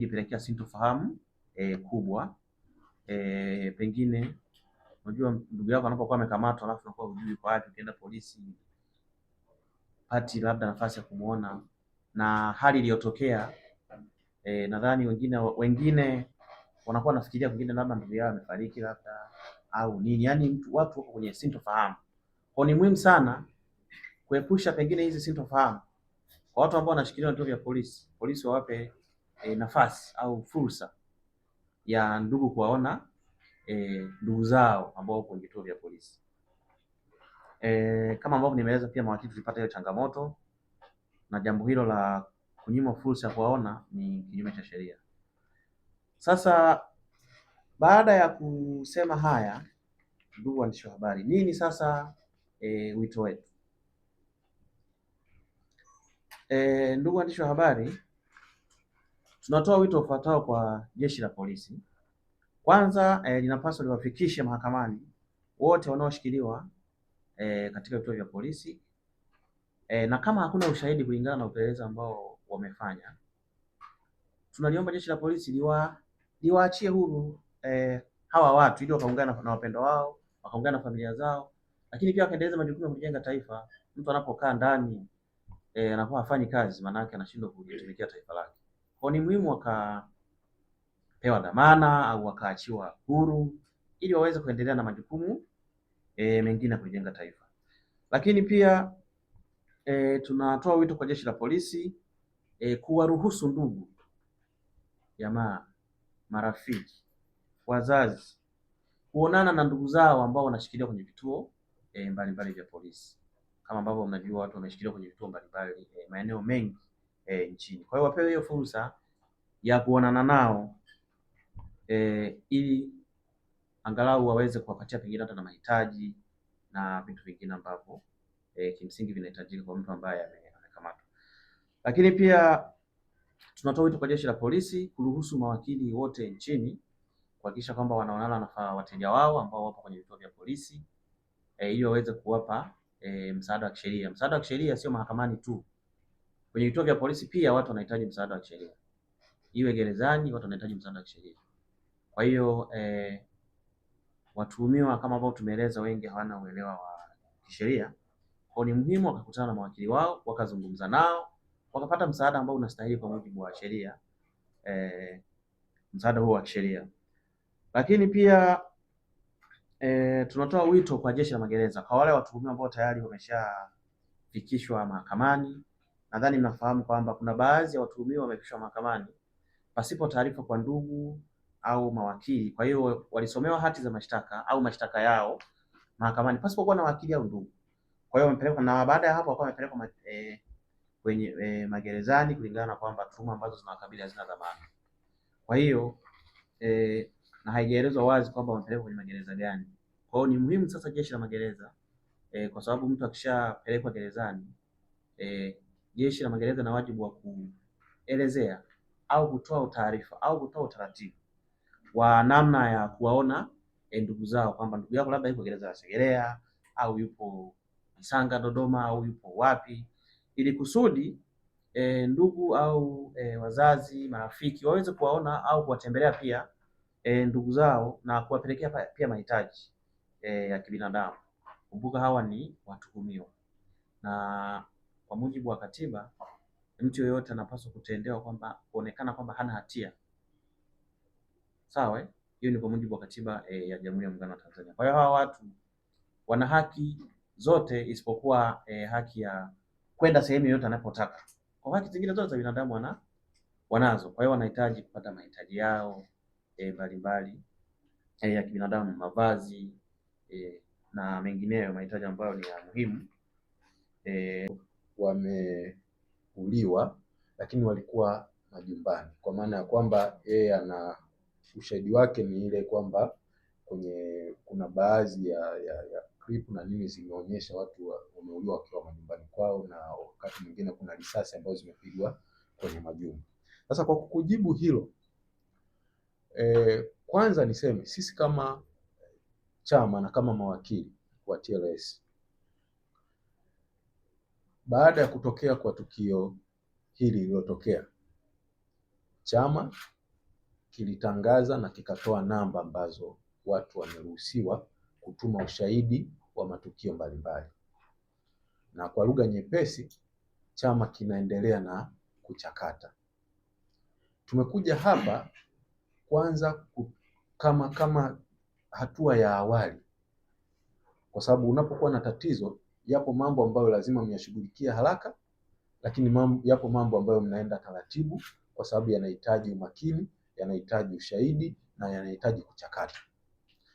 ilipelekea sintofahamu e, kubwa e, pengine unajua ndugu yako anapokuwa amekamatwa alafu unakuwa hujui kwa wapi, ukienda polisi pati labda nafasi ya kumuona na hali iliyotokea e, nadhani wengine wengine wanakuwa nafikiria wengine labda ndugu yao amefariki labda au nini, yani mtu watu wako kwenye sintofahamu. Kwa ni muhimu sana kuepusha pengine hizi sintofahamu kwa watu ambao wanashikiliwa na vituo vya polisi, polisi wawape e, nafasi au fursa ya ndugu kuwaona e, ndugu zao ambao wako kwenye vituo vya polisi. E, kama ambavyo nimeeleza pia mawakili tulipata hiyo changamoto, na jambo hilo la kunyima fursa ya kuwaona ni kinyume cha sheria. Sasa baada ya kusema haya, ndugu waandishi wa habari, nini sasa e, wito wetu? E, ndugu waandishi wa habari Tunatoa wito ufuatao kwa jeshi la polisi. Kwanza eh, linapaswa liwafikishe mahakamani wote wanaoshikiliwa eh, katika vituo vya polisi eh, na kama hakuna ushahidi kulingana na upelelezi ambao wamefanya, tunaliomba jeshi la polisi liwa liwaachie huru eh, hawa watu ili wakaungana na wapendwa wao wakaungana na familia zao, lakini pia wakaendeleza majukumu ya kujenga taifa. Mtu anapokaa ndani eh, anakuwa hafanyi kazi, maana anashindwa kulitumikia taifa lake. Kwa ni muhimu wakapewa dhamana au wakaachiwa huru ili waweze kuendelea na majukumu e, mengine ya kujenga taifa. Lakini pia e, tunatoa wito kwa jeshi la polisi e, kuwaruhusu ndugu, jamaa, marafiki, wazazi kuonana na ndugu zao ambao wanashikiliwa kwenye vituo e, mbalimbali e, vya polisi. Kama ambavyo mnajua watu wanashikiliwa kwenye vituo mbalimbali e, maeneo mengi e, nchini. Kwa hiyo wapewe hiyo fursa ya kuonana nao e, ili angalau waweze kuwapatia pengine hata na mahitaji na vitu vingine ambavyo e, kimsingi vinahitajika kwa mtu ambaye amekamatwa. Lakini pia tunatoa wito kwa Jeshi la Polisi kuruhusu mawakili wote nchini kuhakikisha kwamba wanaonana na wateja wao ambao wapo kwenye vituo vya polisi e, ili waweze kuwapa e, msaada wa kisheria. Msaada wa kisheria sio mahakamani tu, Kwenye vituo vya polisi pia watu wanahitaji msaada wa kisheria, iwe gerezani, watu wanahitaji msaada wa kisheria. Kwa hiyo eh, watuhumiwa kama ambao tumeeleza, wengi hawana uelewa wa kisheria, kwa ni muhimu wakakutana na mawakili wao, wakazungumza nao, wakapata msaada ambao unastahili kwa mujibu wa sheria eh, msaada huo wa kisheria. Lakini pia eh, tunatoa wito kwa jeshi la magereza kwa wale watuhumiwa ambao tayari wameshafikishwa mahakamani Nadhani mnafahamu kwamba kuna baadhi ya watuhumiwa wamefikishwa mahakamani pasipo taarifa kwa ndugu au mawakili. Kwa hiyo walisomewa hati za mashtaka au mashtaka yao mahakamani pasipo kuwa na wakili au ndugu. Kwa hiyo wamepelekwa na baada ya hapo wakawa wamepelekwa ma, e, kwenye e, magerezani kulingana na kwamba tuhuma ambazo zinawakabili hazina dhamana. Kwa hiyo e, na haijaelezwa wazi kwamba wamepelekwa kwenye magereza gani. Kwa hiyo ni muhimu sasa jeshi la magereza e, kwa sababu mtu akishapelekwa gerezani e, jeshi la magereza na wajibu wa kuelezea au kutoa taarifa au kutoa utaratibu wa namna ya kuwaona eh, ndugu zao, kwamba ndugu yako labda yuko gereza la Segerea au yupo Msanga Dodoma au yupo wapi, ili kusudi e, ndugu au e, wazazi, marafiki waweze kuwaona au kuwatembelea pia e, ndugu zao na kuwapelekea pia mahitaji e, ya kibinadamu. Kumbuka hawa ni watuhumiwa na kwa mujibu wa katiba, mtu yeyote anapaswa kutendewa kwamba kuonekana kwamba hana hatia. Sawa, hiyo ni kwa mujibu wa katiba e, ya Jamhuri ya Muungano wa Tanzania. Kwa hiyo hawa watu wana haki zote isipokuwa e, haki ya kwenda sehemu yoyote anapotaka. Kwa haki zingine zote za binadamu wana wanazo. Kwa hiyo wanahitaji kupata mahitaji yao eh, mbalimbali e, e, ya kibinadamu, mavazi e, na mengineyo mahitaji ambayo ni ya muhimu e, wameuliwa, lakini walikuwa majumbani, kwa maana ya kwamba yeye ana ushahidi wake ni ile kwamba kwenye kuna baadhi ya, ya, ya clip na nini zimeonyesha watu wameuliwa wakiwa majumbani kwao, na wakati mwingine kuna risasi ambazo zimepigwa kwenye majumba. Sasa kwa kujibu hilo e, kwanza niseme sisi kama chama na kama mawakili wa TLS baada ya kutokea kwa tukio hili lililotokea, chama kilitangaza na kikatoa namba ambazo watu wameruhusiwa kutuma ushahidi wa matukio mbalimbali, na kwa lugha nyepesi, chama kinaendelea na kuchakata. Tumekuja hapa kwanza kama kama hatua ya awali, kwa sababu unapokuwa na tatizo Yapo mambo ambayo lazima myashughulikia haraka, lakini mambo, yapo mambo ambayo mnaenda taratibu, kwa sababu yanahitaji umakini, yanahitaji ushahidi na yanahitaji kuchakata.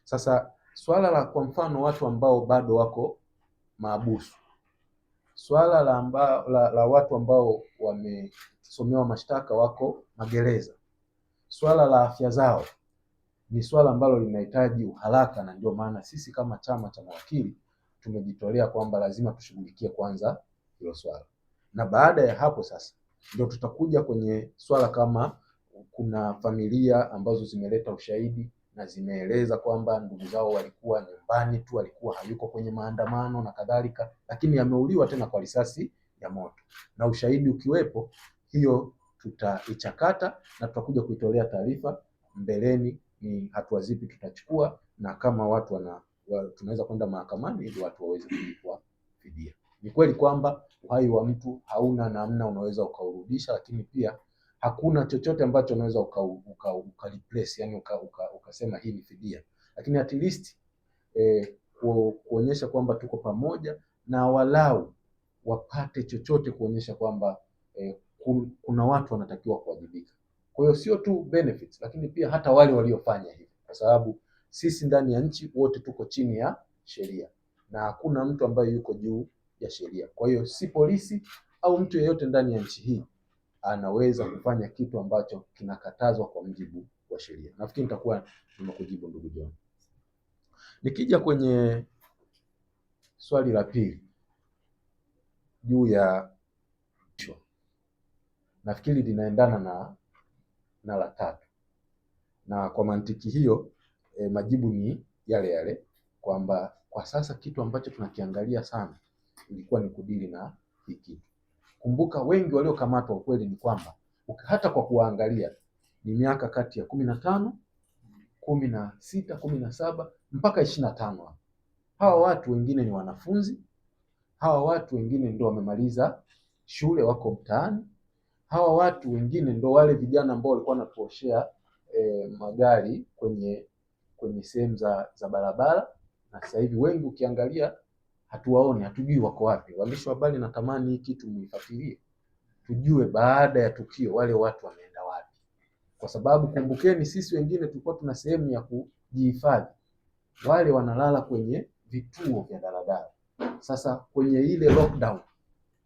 Sasa swala la kwa mfano watu ambao bado wako mahabusu, swala la, amba, la, la watu ambao wamesomewa mashtaka wako magereza, swala la afya zao ni swala ambalo linahitaji uharaka, na ndio maana sisi kama chama cha mawakili tumejitolea kwamba lazima tushughulikie kwanza hilo swala, na baada ya hapo sasa ndio tutakuja kwenye swala kama kuna familia ambazo zimeleta ushahidi na zimeeleza kwamba ndugu zao walikuwa nyumbani tu, alikuwa hayuko kwenye maandamano na kadhalika, lakini ameuliwa tena kwa risasi ya moto, na ushahidi ukiwepo, hiyo tutaichakata na tutakuja kuitolea taarifa mbeleni, ni hatua zipi tutachukua na kama watu wana tunaweza kwenda mahakamani ili watu waweze kulipwa fidia. Ni kweli kwamba uhai wa mtu hauna namna unaweza ukaurudisha, lakini pia hakuna chochote ambacho unaweza uka, uka, uka replace, yani uka, uka, ukasema hii ni fidia, lakini at least eh, kuonyesha kwamba tuko pamoja na walau wapate chochote kuonyesha kwamba eh, kuna watu wanatakiwa kuwajibika. Kwa hiyo sio tu benefits, lakini pia hata wale waliofanya hivi, kwa sababu sisi ndani ya nchi wote tuko chini ya sheria na hakuna mtu ambaye yuko juu ya sheria. Kwa hiyo si polisi au mtu yeyote ndani ya nchi hii anaweza kufanya kitu ambacho kinakatazwa kwa mjibu wa sheria. Nafikiri nitakuwa nimekujibu ndugu John. Nikija kwenye swali la pili juu ya nafikiri linaendana na na la tatu, na kwa mantiki hiyo e, majibu ni yale yale kwamba kwa sasa kitu ambacho tunakiangalia sana ilikuwa ni kudili na hii kitu. Kumbuka wengi waliokamatwa ukweli ni kwamba hata kwa kuwaangalia ni miaka kati ya kumi na tano kumi na sita kumi na saba mpaka ishirini na tano Hawa watu wengine ni wanafunzi, hawa watu wengine ndo wamemaliza shule wako mtaani, hawa watu wengine ndo wale vijana ambao walikuwa wanatuoshea eh, magari kwenye kwenye sehemu za, za barabara, na sasa hivi wengi ukiangalia hatuwaoni, hatujui wako wapi. Waandishi wa habari, natamani hii kitu muifuatilie, tujue baada ya tukio wale watu wameenda wapi, kwa sababu kumbukeni, sisi wengine tulikuwa tuna sehemu ya kujihifadhi, wale wanalala kwenye vituo vya daladala. Sasa kwenye ile lockdown,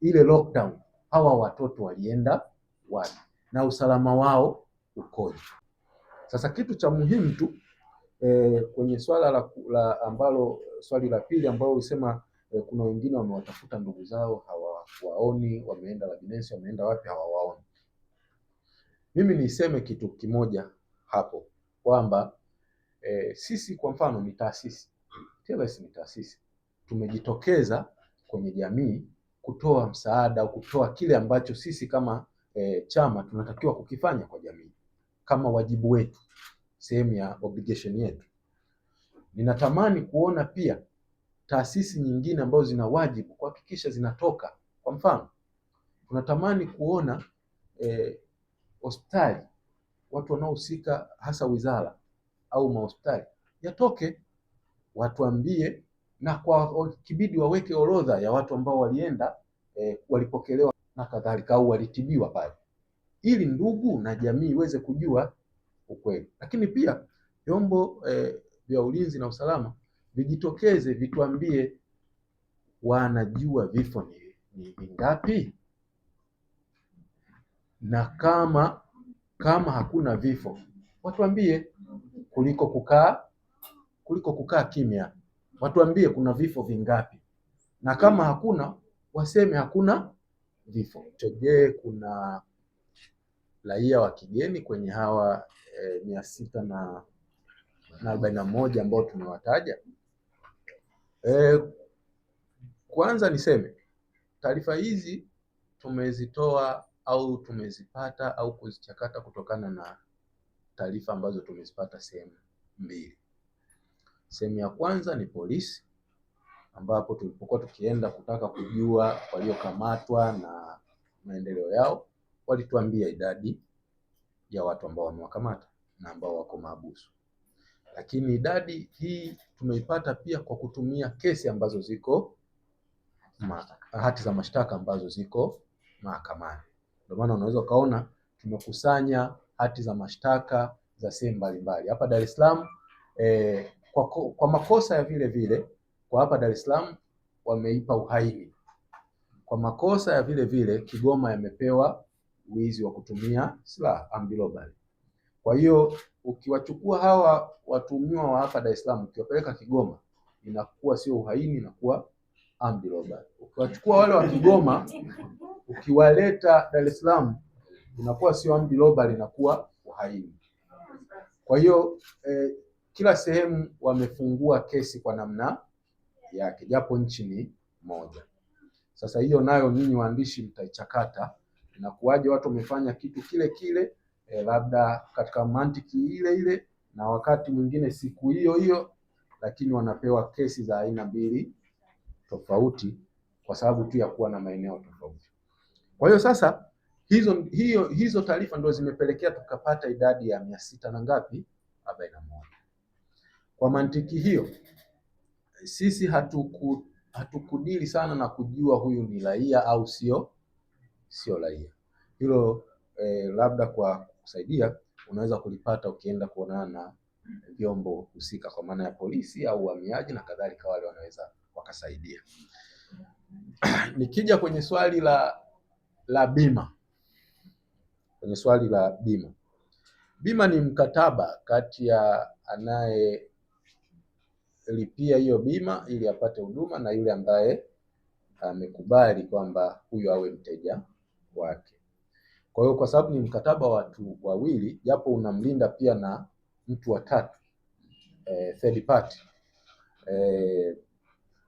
ile lockdown hawa watoto walienda wapi na usalama wao ukoje? Sasa kitu cha muhimu tu E, kwenye swala la, la ambalo swali la pili ambalo ulisema e, eh, kuna wengine wamewatafuta ndugu zao hawawaoni, wameenda Lebanese, wameenda wapi hawawaoni. Mimi niseme kitu kimoja hapo kwamba e, sisi kwa mfano ni taasisi TLS, ni taasisi tumejitokeza kwenye jamii kutoa msaada au kutoa kile ambacho sisi kama e, chama tunatakiwa kukifanya kwa jamii kama wajibu wetu sehemu ya obligation yetu. Ninatamani kuona pia taasisi nyingine ambazo zina wajibu kuhakikisha zinatoka. Kwa mfano, tunatamani kuona eh, hospitali eh, watu wanaohusika hasa wizara au mahospitali yatoke, watuambie na kwa kibidi waweke orodha ya watu ambao walienda eh, walipokelewa na kadhalika au walitibiwa pale, ili ndugu na jamii iweze kujua ukweli. Lakini pia vyombo eh, vya ulinzi na usalama vijitokeze, vituambie wanajua vifo ni, ni vingapi, na kama kama hakuna vifo watuambie, kuliko kukaa kuliko kukaa kimya, watuambie kuna vifo vingapi, na kama hakuna waseme hakuna vifo. Je, kuna raia wa kigeni kwenye hawa Eh, mia sita na arobaini na moja ambao tumewataja. E, kwanza niseme taarifa hizi tumezitoa au tumezipata au kuzichakata kutokana na taarifa ambazo tumezipata sehemu mbili. Sehemu ya kwanza ni polisi, ambapo tulipokuwa tukienda kutaka kujua waliokamatwa na maendeleo yao, walituambia idadi ya watu ambao wamewakamata na ambao wako mahabusu. Lakini idadi hii tumeipata pia kwa kutumia kesi ambazo ziko ma, hati za mashtaka ambazo ziko mahakamani. Ndio maana unaweza ukaona tumekusanya hati za mashtaka za sehemu mbalimbali hapa Dar es Salaam. Eh, kwa, kwa makosa ya vile vile kwa hapa Dar es Salaam wameipa uhaini, kwa makosa ya vile vile Kigoma yamepewa wizi wa kutumia silaha armed robbery. Kwa hiyo ukiwachukua hawa watuhumiwa wa hapa Dar es Salaam ukiwapeleka Kigoma inakuwa sio uhaini, inakuwa armed robbery. Ukiwachukua wale wa Kigoma ukiwaleta Dar es Salaam inakuwa sio armed robbery, inakuwa uhaini. Kwa hiyo eh, kila sehemu wamefungua kesi kwa namna yake, japo nchi ni moja. Sasa hiyo nayo ninyi waandishi mtaichakata Inakuwaje watu wamefanya kitu kile kile e, labda katika mantiki ile ile na wakati mwingine siku hiyo hiyo, lakini wanapewa kesi za aina mbili tofauti kwa sababu tu ya kuwa na maeneo tofauti. Kwa hiyo sasa hizo, hiyo, hizo taarifa ndio zimepelekea tukapata idadi ya mia sita na ngapi? arobaini na moja. Kwa mantiki hiyo sisi hatuku hatukudili sana na kujua huyu ni raia au sio sio raia. Hilo eh, labda kwa kusaidia unaweza kulipata ukienda kuonana na vyombo husika kwa maana ya polisi au uhamiaji na kadhalika, wale wanaweza wakasaidia. Nikija kwenye swali la la bima, kwenye swali la bima, bima ni mkataba kati ya anayelipia hiyo bima ili apate huduma na yule ambaye amekubali kwamba huyo awe mteja wake. Kwa hiyo kwa sababu ni mkataba wa watu wawili, japo unamlinda pia na mtu wa tatu e, third party e,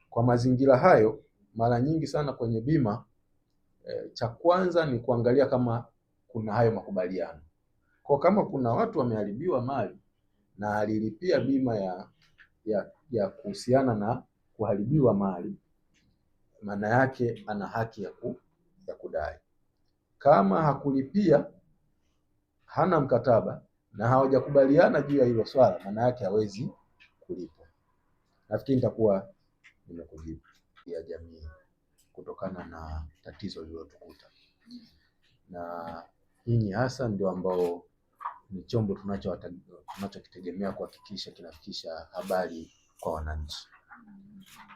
kwa mazingira hayo, mara nyingi sana kwenye bima e, cha kwanza ni kuangalia kama kuna hayo makubaliano. Kwa kama kuna watu wameharibiwa mali na alilipia bima ya ya, ya kuhusiana na kuharibiwa mali, maana yake ana haki ya, ku, ya kudai kama hakulipia hana mkataba na hawajakubaliana juu ya hilo swala, maana yake hawezi kulipa. Nafikiri nitakuwa nimekujibu ya jamii kutokana na tatizo lililotukuta, na nyinyi hasa ndio ambao ni chombo tunachokitegemea kuhakikisha kinafikisha habari kwa wananchi.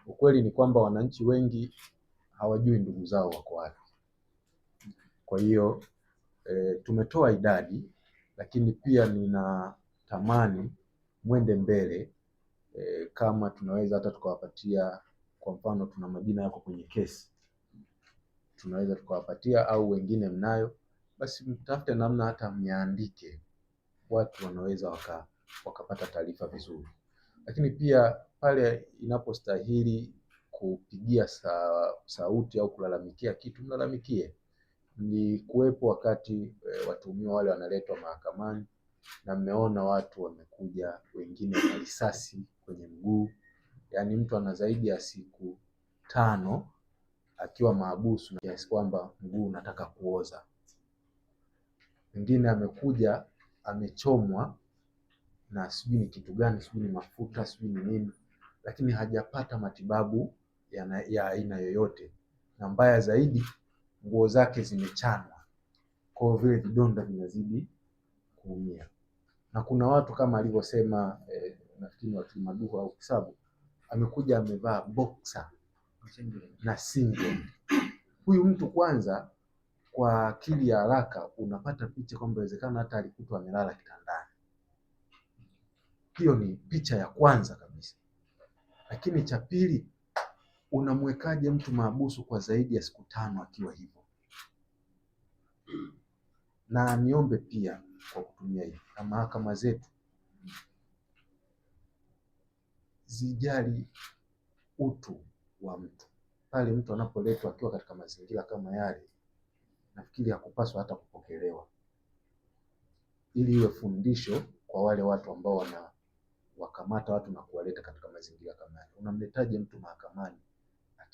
Ukweli ni kwamba wananchi wengi hawajui ndugu zao wako wapi. Kwa hiyo e, tumetoa idadi, lakini pia ninatamani mwende mbele e, kama tunaweza hata tukawapatia, kwa mfano tuna majina yako kwenye kesi, tunaweza tukawapatia au wengine mnayo, basi mtafute namna hata myaandike, watu wanaweza waka, wakapata taarifa vizuri, lakini pia pale inapostahili kupigia sa, sauti au kulalamikia kitu mlalamikie mlikuwepo wakati e, watuhumiwa wale wanaletwa mahakamani na mmeona watu wamekuja wengine na risasi kwenye mguu, yaani mtu ana zaidi ya siku tano akiwa mahabusu kiasi kwamba mguu unataka kuoza. Mwingine amekuja amechomwa na sijui ni kitu gani, sijui ni mafuta, sijui ni nini, lakini hajapata matibabu ya aina yoyote, na mbaya zaidi nguo zake zimechanwa, kwa vile vidonda vinazidi kuumia. Na kuna watu kama alivyosema eh, nafikiri watu maduhu au Kisabu amekuja amevaa boxer na singlet. Huyu mtu kwanza, kwa akili ya haraka unapata picha kwamba inawezekana hata alikutwa amelala kitandani. Hiyo ni picha ya kwanza kabisa, lakini cha pili unamwekaje mtu maabusu kwa zaidi ya siku tano akiwa hivyo? Na niombe pia kwa kutumia hivi, na mahakama zetu zijali utu wa mtu. Pale mtu anapoletwa akiwa katika mazingira kama yale, nafikiri hakupaswa hata kupokelewa, ili iwe fundisho kwa wale watu ambao wana wakamata watu na kuwaleta katika mazingira kama yale. Unamletaje mtu mahakamani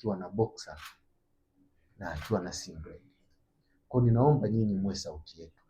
akiwa na boxer na akiwa na singlet. Kwa ninaomba nyinyi muwe sauti yetu.